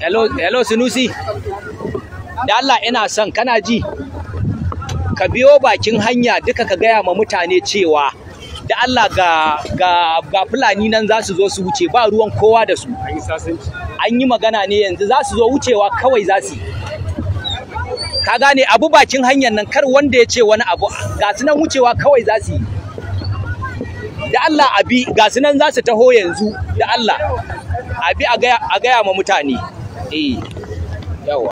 Hello, hello Sinusi. Dalla ina son kana ji. Ka biyo bakin hanya duka ka gaya ma mutane cewa da Allah ga ga ga fulani nan za su zo su wuce ba ruwan kowa da su an yi magana ne yanzu za su zo wucewa kawai za su ka gane abu bakin hanyar nan kar wanda ya ce wani abu ga su nan wucewa kawai za su yi da Allah abi ga su nan za su taho yanzu da Allah abi a gaya ma mutane eh yawa